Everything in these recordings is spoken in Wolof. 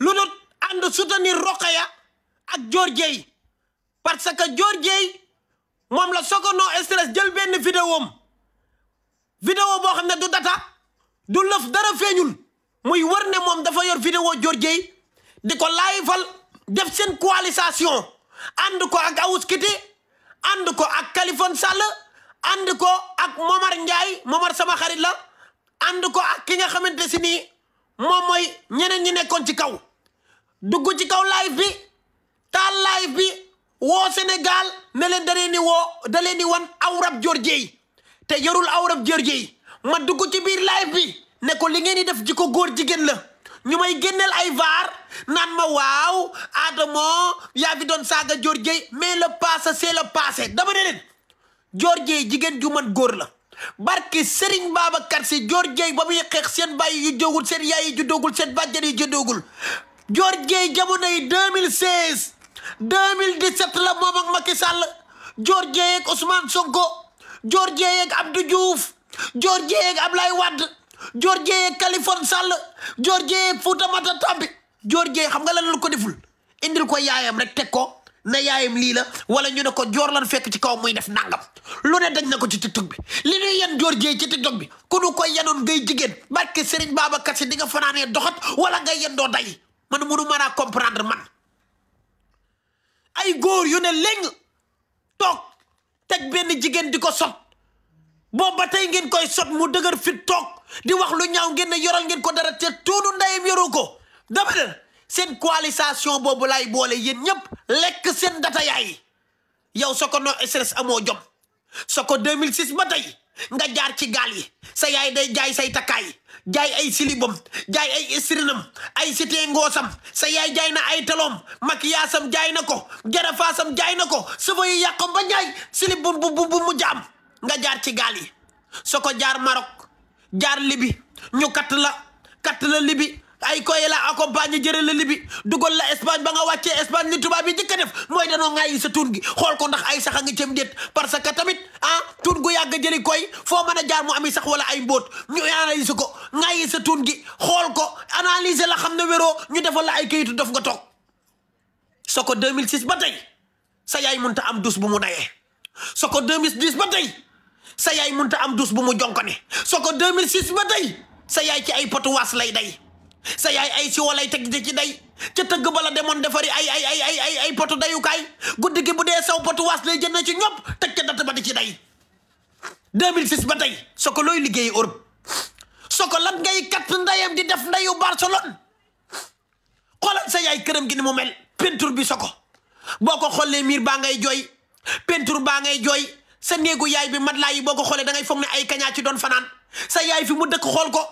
lu dul ànd soutenir Rokhaya ak Dior Dieye parce que Dior Dieye moom la Sokono Stress jël benn vidéom vidéo boo xam ne du data du lëf dara feeñul muy wër ne moom dafa yor vidéo Dior Dieye di ko lay laayifal def seen coalition ànd ko ak Awus Kité ànd ko ak kalifon Sall ànd ko ak Momar Ndiaye Momar sama xarit la ànd ko ak ki nga xamante si nii moom mooy ñeneen ñi nekkoon ci kaw dugg ci kaw live bi taal live bi woo Sénégal ne leen di woo da wan awrab Georgie yi te yarul awrab Georgie yi ma dugg ci biir live bi ne ko li ngeen di def ji ko góor jigéen la ñu may génneel ay vaar naan ma waaw Adamo yaa fi doon saaga Georgie mais le passé c'est le passé dama ne leen Georgie jigéen ju man góor la barki Serigne Babacar Sy Georgie ba muy xeex seen bàyyi yu jógul seen yaay yi ju seen bàjjen yi ju doogul joor Dieye jamonoy 2016 2017 la moom ak Macky Sall Dior Dieye ak Ousmane Sonko Dior Dieye ak Abdou Diouf Dior Dieye ak Ablaye Wade Dior joor ak Kaliphone Sall Dior Dieye ak Fouta Mata Tampi joor Dieye xam nga lan la ko deful indil ko yaayam rek teg ko na yaayam lii la wala ñu ne ko joor lan fekk ci kaw muy def nangam lu ne dañ na ko ci tiktok bi li ñuy yen joor Dieye ci tiktok bi ku nu koy yanoon ngay jigéen barke Serigne Babacar Sy di nga fanaanee doxat wala ngay yendoo day man munu mën a comprendre man ay góor yu ne léng toog teg benn jigéen di ko sot boobu ba tey ngeen koy sot mu dëgër fit toog di wax lu ñaaw ngeen ne yoral ngeen ko dara te tuunu ndeyam yoru ko dama ne seen coalition boobu laay boole yéen ñëpp lekk seen data yaay yow soo ko no stress amoo jom soo ko 2006 ba tey nga jaar ci gaal yi sa yaay day jaay say takkaay jaay ay silibom jaay ay istrinam ay sitee ngoosam sa yaay jaay na ay taloom makiyaasam jaay na ko garafaasam jaay na ko suba yi yàqom ba jaay silib bu bu bu mu jaam nga jaar ci gaal yi soo ko jaar Maroc jaar Libi ñu katt la Libi ay koy la accompagné jëre la libi dugal la Espagne ba nga wàccee Espagne li tubaab yi njëkk a def mooy danoo ŋaayi sa tuun gi xool ko ndax ay sax a ngi cëm déet parce que tamit ah tuun gu yàgg jëli koy foo mën a jaar mu ami sax wala ay mbóot ñu analyse ko ŋaayi sa tuun gi xool ko analyser la xam ne wéroo ñu defal la ay kayitu daf nga toog so ko 2006 ba tey sa yaay munta am dus bu mu nayee so ko 2010 ba tey sa yaay munta am dus bu mu jonkone so ko 2006 ba tey sa yaay ci ay potu waas lay day sa yaay ay si walay teg ci day ca tëgg bala demoon defari ay ay ay ay ay potu dayukaay guddi gi bu dee saw potu waas lay jënd ci ñopp teg ca dat ba di ci day 2006 ba tey soo ko looy liggéey Europe soo ko lan ngay kat ndayam di def ndayu Barcelone xoolal sa yaay këram gi ni mu mel peinture bi soko boo ko xoolee miir baa ngay jooy peinture baa ngay jooy sa néegu yaay bi mat laa yi boo ko xoolee da ngay foog ne ay kañaa ci doon fanaan sa yaay fi mu dëkk xool ko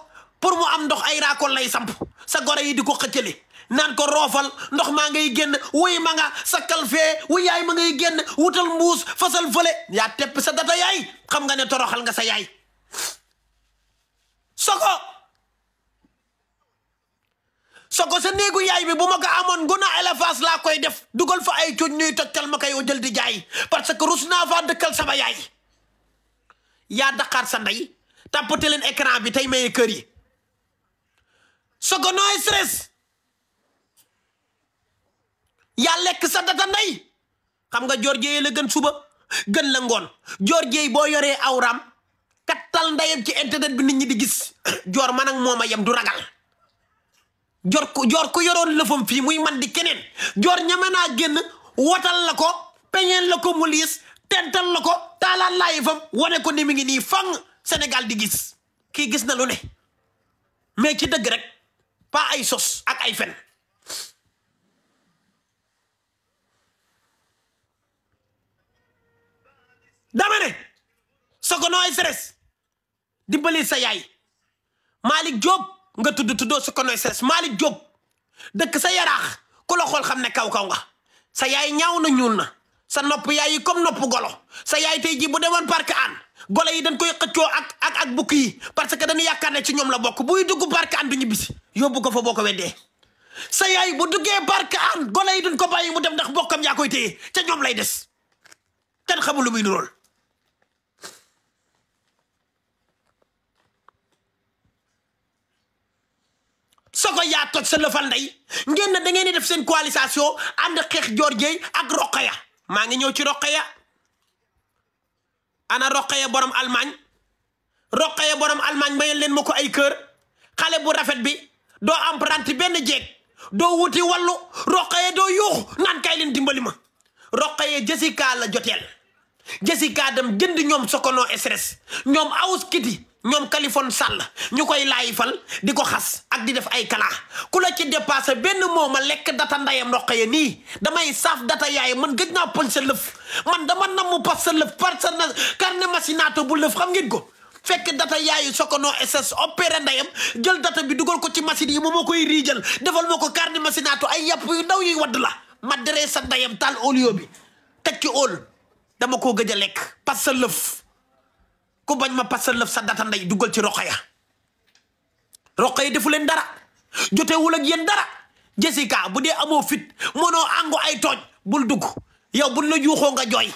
pour mu am ndox ay raakool lay samp sa goro yi di ko xëccale naan ko roofal ndox maa ngay génn wuy ma nga sakkal fee wuy yaay ma ngay génn wutal mbuus fasal fële yaa tepp sa data yaay xam nga ne toroxal nga sa yaay soko soko sa néegu yaay bi bu ma ko amoon guna élevage laa koy def dugal fa ay cuuj ñuy tojtal ma koy jël di jaay parce que rus naa faa dëkkal sama yaay yaa daqaar sa ndey tàppate leen écran bi tey maye kër yi so go no stress yaa lekk sa data ndey xam nga joor jeey la gën suba gën la ngoon joor jeey boo yoree awraam kattal ndeyam ci internet bi nit ñi di gis joor man ak mooma yem du ragal joor ku joor yoroon lëfam fii muy man di keneen joor ñame gën génn wotal la ko peñeen la ko mu liis tental la ko taalaan laayi fam wane ko ni mi ngi nii fang senegal di gis kii gis na lu ne mais ci dëgg rek pas ay sos ak ay fen dama ne Sokono SRS dimbali sa yaay Malick Diop nga tudd tuddoo Sokono SRS Malick Diop dëkk sa yaraax ku la xam ne kaw kaw nga sa yaay ñaaw na ñuul na sa nopp yaay yi comme nopp golo sa yaay tey jii bu demoon parc an golo yi dañ koy xëccoo ak ak ak bukk yi parce que dañu yaakaar ne ci ñoom la bokk buy dugg parc an du ñibbisi yóbbu ko fa boo ko weddee sa yaay bu duggee barkaan gone yi duñ ko bàyyi mu dem ndax bokkam yaa koy téye te ñoom lay des kenn xamul lu muy nurool soko yaa toj sa lëfal ndey ngeen na da ngeen di def seen coalisation ànd xeex joor jeey ak roqaya maa ngi ñëw ci roqaya ana roqaya borom Allemagne roqaya borom Allemagne mayal leen ma ko ay kër xale bu rafet bi doo emprunté benn jeeg doo wuti wallu roqoyee doo yuuxu naan kay leen dimbali ma roqoyee Jessica la joteel Jessica dem jënd ñoom Sokono SRS ñoom Awus Kiti ñoom Kalifon Sall ñu koy laayifal di ko xas ak di def ay kalaa ku la ci dépassé benn moo ma lekk data ndayam roqoyee nii damay saaf data yaay man gëj naa poñ sa lëf man dama namm pas sa lëf par sa na carnet macinato bu lëf xam ngeen ko fekk data yaayu Sokono SS opéré ndeyam jël data bi dugal ko ci machine yi moom moo koy riijal defal ma ko carni machinaato ay yàpp yu ndaw yuy wadd la ma deree sa ndeyam taal olio bi teg ci óol dama koo gëj a lekk pas sa lëf ku bañ ma pas sa lëf sa data ndey dugal ci roqo ya roqo ya defu leen dara jotewul ak yéen dara Jessica bu dee amoo fit mënoo àngo ay tooñ bul dugg yow buñ la yuuxoo nga jooy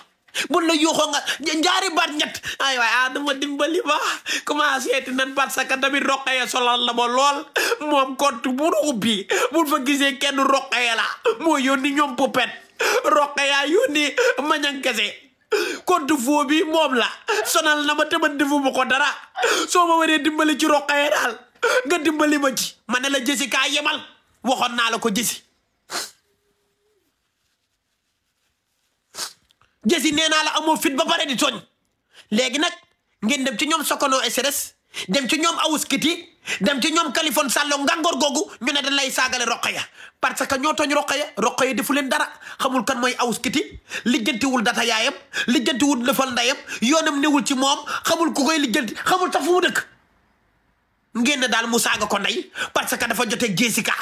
bun la yuuxoo nga njaari baat ñett ay waay adama dimbali ma commencé ti nan parce que tamit roqaya solal la moo lool moom kont bu nu ubbi fa gisee kenn roqaya la moo yónni ñoom pupet roqaya yónni mañankese compte foo bi moom la sonal na ma te man defuma ko dara soo ma waree dimbali ci roqaya daal nga dimbali ma ci ma ne la jësi kaa yemal waxoon naa la ko jësi jësi nee naa la amoo fit ba pare di tooñ léegi nag ngeen dem ci ñoom Sokono SRS dem ci ñoom awuskiti dem ci ñoom Kalifon Sàllo ngangoor googu ñu ne dañ lay saagale Roqaya parce que ñoo tooñ Roqaya Roqaya defu leen dara xamul kan mooy awuskiti lijjantiwul data yaayam lijjantiwul lëfal ndayam yoonam newul ci moom xamul ku koy lijjanti xamul sax fu mu ngeen daal mu saaga ko ndey parce que dafa jote ka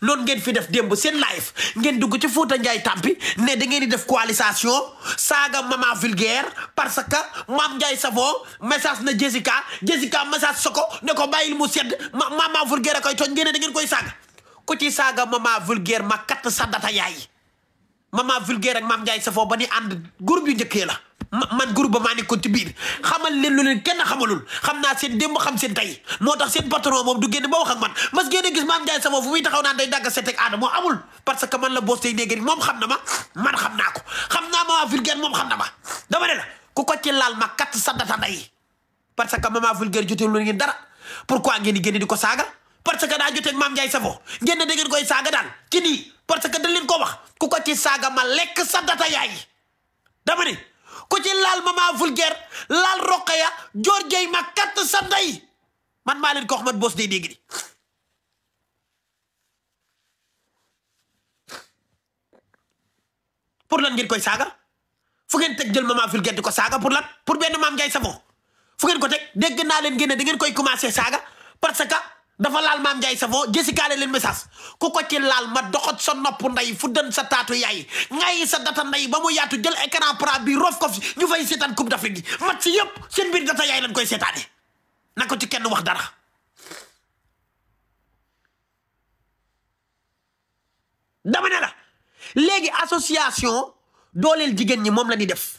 loolu ngeen fi def démb seen live ngeen dugg ci Fouta Ndiaye tampi ne da ngeen di def coalition saaga maman vulgaire parce que maam Ndiaye Savon message na Jessica Jessica message Soko ne ko bàyyil mu sedd ma maman vulgaire a koy tooñ ngeen ne da ngeen koy saaga ku ci saaga maman vulgaire ma katt sa data yaay maman vulgaire ak maam Ndiaye Savon ba ni ànd groupe yu njëkkee la. man groupe ba maa nekkoon ci xamal leen lu leen kenn xamalul xam naa seen démb xam seen tey moo tax seen patron moom du génn ba wax ak man mas génne gis maam Ndiaye sama fu muy taxaw naan day dagg seet ak aada que man la boos tey néegéen moom na ma man xam naa ko xam naa ma waa vulgaire moom xam na ma dama ne la ku ko laal ma sa data day parce que maman vulgaire jotee lu ngeen dara pourquoi ngeen di génne di ko saaga parce que daa joteeg maam Ndiaye Savon ngeen ne da ngeen koy saaga daal ci nii parce que dañ leen ko wax ku ko ci saaga ma lekk sa data yaay dama ne ku ci laal mama vulgaire laal roqaya joor jey ma katt sa man maa leen ko xamat boos day dégg di lan ngeen koy saaga fu ngeen teg jël mama vulgaire di ko saaga pour lan pour benn maam Ndiaye Savon fu ngeen ko teg dégg naa leen ngeen ne da koy commencé saaga parce que dafa laal maam Ndiaye Savon jësikaale leen message ku ko ci laal ma doxat sa nopp ndey fu dën sa taatu yaay ngay sa data ndey ba mu yaatu jël écran plat bi rof ko ñu fay seetaan coupe d'Afrique bi match si yëpp seen biir data yaay lañ koy seetaane na ko ci kenn wax dara dama ne la léegi association dooleel jigéen ñi moom la ñuy def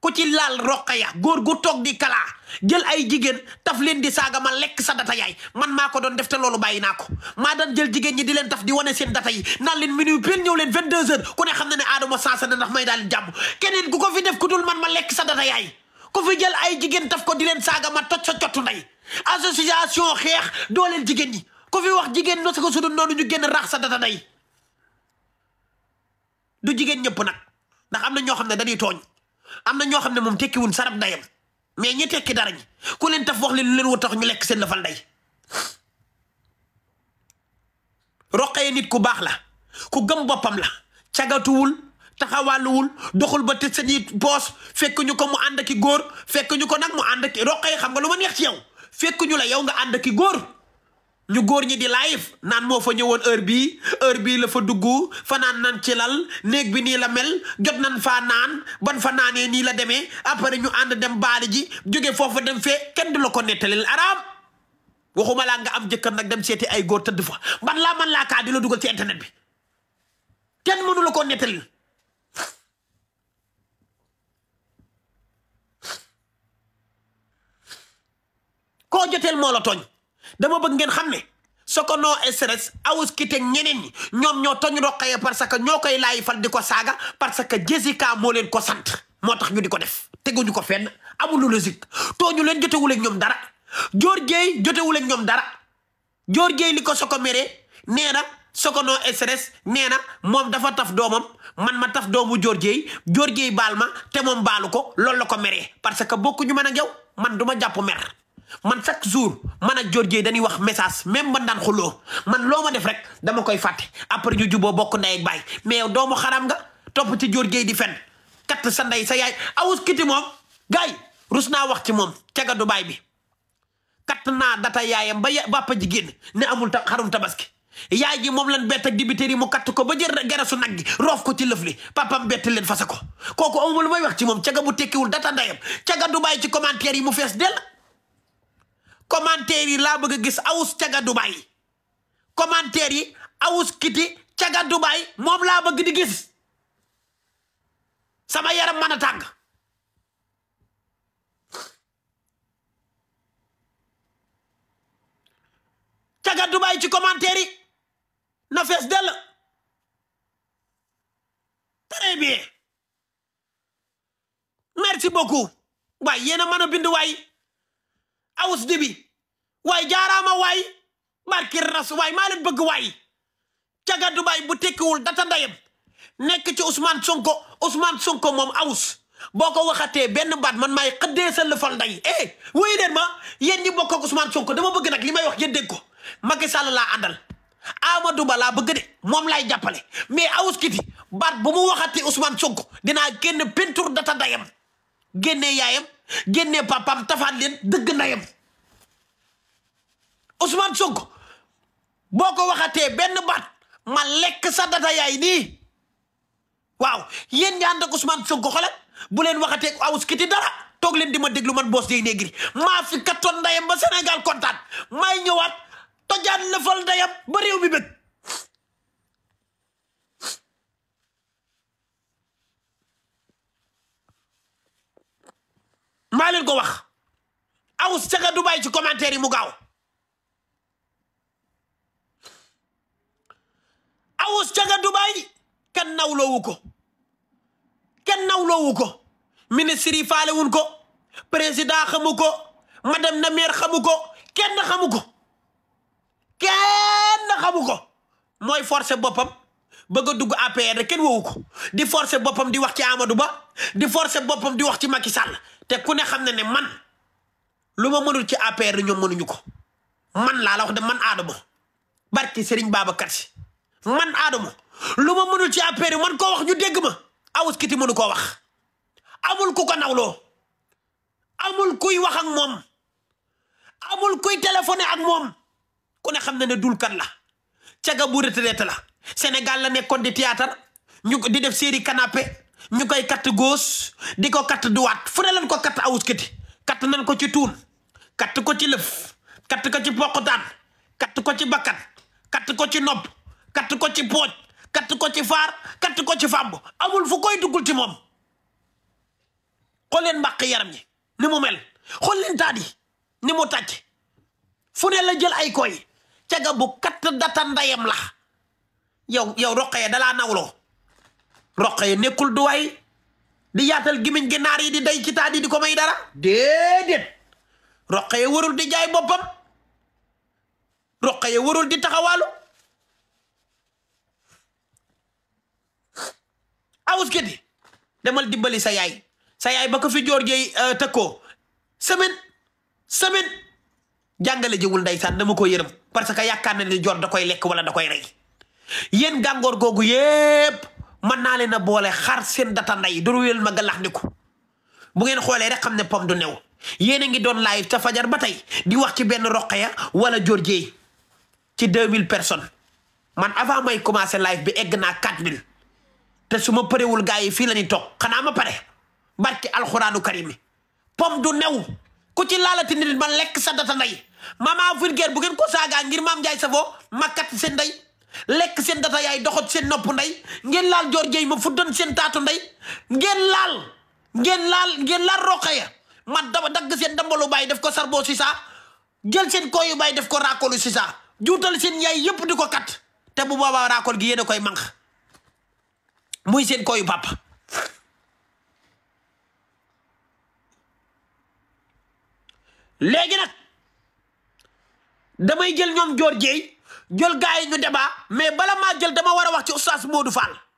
ku ci laal roqaya góor gu toog di kalaa jël ay jigéen taf leen di saaga ma lekk sa data yaay man maa ko doon def te loolu bàyyi naa maa daan jël jigéen ñi di leen taf di wane seen data yi naan leen minuit pile ñëw leen 22h ku ne xam na ne Adama saasa na ndax may daal jàmm keneen ku ko fi def ku dul man ma lekk sa data yaay ku fi jël ay jigéen taf ko di leen saaga ma toj sa cottu ndey association xeex dooleel jigéen ñi ko fi wax jigéen no sa ko sudul noonu ñu génn rax sa data jigéen ñëpp nag ndax am na ñoo xam ne dañuy tooñ am na ñoo xam ne moom tekkiwun sarab dayam mais ñi tekki dara ñi ku leen taf wax leen lu leen war tax ñu lekk seen lafal day roqee nit ku baax la ku gëm boppam la cagatuwul taxawaaluwul doxul ba te seen yi poos fekk ñu ko mu ànd ki góor fekk ñu ko nag mu ànd ki roqee xam nga lu ma neex ci yow fekk ñu la yow nga ànd ki góor ñu góor ñi di live naan moo fa ñëwoon heure bii heure bii la fa dugg fanaan nan ci lal néeg bi nii la mel jot nan faa naan ban fa naanee nii la demee après ñu ànd dem baali ji jóge foofa dem fee kenn du la ko nettalil araam waxuma laa nga am jëkkër nag dem seeti ay góor tëdd fa man laa man laa kaa di la dugal ci internet bi kenn mënu la ko nettalil koo joteel moo tooñ dama bëgg ngeen xam ne Sokono SRS awuskite ñeneen ñi ñoom ñoo toñ Rokhaya parce que ñoo koy laayi fal di ko saaga parce que Jessica moo leen ko sant moo tax ñu di ko def teguñu ko fenn amul logique tooñu leen jotewul ak ñoom dara Dior Dieye jotewul ak ñoom dara Dior Dieye li ko soko meree nee na Sokono SRS nee na moom dafa taf doomam man ma taf doomu Dior Dieye Dior Dieye baal ma te moom baalu ko loolu la ko meree parce que bokkuñu mën ak yow man du ma jàpp mer man chaque jour man ak Dior Dieye dañuy wax message même man daan xuloo man loo ma def rek dama koy fàtte après ju juboo bokk ndey baay mais doomu xaram nga topp ci Dior Dieye di fen kat sa ndey sa yaay awus kiti moom gaay rus naa wax ci moom caga baay bi kat naa data yaayam ba bàppa ji génn ne amul ta xarum tabaski yaay ji moom lan bett ak dibiteri mu katt ko ba jël gerasu nag gi roof ko ci lëf li papam bett leen fasa ko kooku amuma lu may wax ci moom caga bu tekkiwul data ndeyam caga Dubaay ci commentaire yi mu fees dell commentaire yi laa bëgg a gis awus caga Dubaay commentaire yi awus kiti caga Dubaay moom laa bëgg di gis sama yaram mën a tàng caga Dubaay ci commentaire yi na fees dell très bien merci beaucoup waay yéen a mën a bind awus dibi waaye jaaraama waay barki ras waay maa leen bëgg waay caga Dubaay bu tekkiwul data ndayam nekk ci Ousmane Sonko Ousmane Sonko moom awus boo ko waxatee benn baat man maay xëddee sa lëfal nday eh wuyu leen ma yéen ñi bokk ak Ousmane Sonko dama bëgg nag li may wax yéen dégg ko Macky Sall laa ama dubalaa Ba bëgg de moom laay jàppale mais awus kiti baat bu mu waxatee Ousmane Sonko dinaa génn peinture data ndayam génnee yaayam génnee papam tafaat leen dëgg ndayam Ousmane Sonko boo ko waxatee benn baat ma lekk sa data yaay nii waaw yen ñi ànd ak Ousmane Sonko bu leen waxatee awus kiti dara toog leen di ma déglu man boos day néegri maa fi kattoon ndayam ba Sénégal kontaan maay ñëwaat tojaan lëfal ndayam ba réew mi bëgg maa ko wax awus caga du ci commentaire yi mu gaaw awus caga Dubaay kenn nawloowu ko kenn nawloowu ko ministre yi faalewun ko président xamu ko madame na maire xamu ko kenn xamu ko kenn xamu ko mooy forcer boppam bëgg dugg APR rek kenn woowu ko di forcer boppam di wax ci Amadou Ba di forcer boppam di wax ci makki Sall te ku ne xam ne ne man lu ma mënul ci APR ñoom mënuñu ko man laa la wax de man Adamo barki Serigne Babacar Si man Adamo lu ma mënul ci APR man koo wax ñu dégg ma awus kiti mënu koo wax amul ku ko nawloo amul kuy wax ak moom amul kuy téléphoné ak moom ku ne xam ne ne dulkat la caga bu retraité la Sénégal la nekkoon di théâtre ñu di def série canapé ñu koy katt gauche di ko katt duwaat fu ne lañ ko katt awuskati katt nañ ko ci tuun katt ko ci lëf katt ko ci poqutaan katt ko ci bakkat katt ko ci nopp katt ko ci pooj katt ko ci faar katt ko ci fàmb amul fu koy duggul ci moom xool leen mbàq yaram yi ni mu mel xool leen taat yi ni mu tàcc fu ne la jël ay koy caga bu katt data ndayam la yow yow roqee dalaa nawloo roqee nekkul duwaay di yaatal gimiñ ginaar yi di day ci taat yi di ko may dara déedéet roqee warul di jaay boppam roqee warul di taxawaalu awus kiti demal dimbali sa yaay sa yaay ba ko fi joor jey euh, tëkkoo semaine semaine jàngale jiwul ndeysaan dama ko yërëm parce que yaakaar na ni joor da koy lekk wala da koy rey yéen gàngoor googu yépp mën naa leen a boole xar seen data nday du wéyal ma galax ndiku bu ngeen xoolee rek xam ne pom du new yéen a ngi doon live ta fajar ba tey di wax ci benn roqeya wala joor jeey ci 2000 personnes man avant may commencé live bi egg naa 4000 te su parewul gars yi fii la ñuy toog xanaa ma pare barki alxuraanu karimi pom du new ku ci laalati nit ma lekk sa data nday ma vulgaire bu ngeen ko saagaa ngir maam Njaay Savon ma kat seen nday lekk seen data yaay doxot seen nopp ndey ngeen laal joor jeey ma fuddan seen taatu ndey ngeen laal ngeen laal ngeen laal roqe ya ma dama dagg seen dambalu baay def ko sarbo si sa jël seen kooyu baay def ko raakolu si saa seen yaay yépp di ko kat te bu boobaa raakol gi yéen a koy manq muy seen koyu pàpp léegi nag damay jël ñoom joor jeey jël gars yi ñu débat mais bala ma jël dama war a wax ci oustaz Modou Fall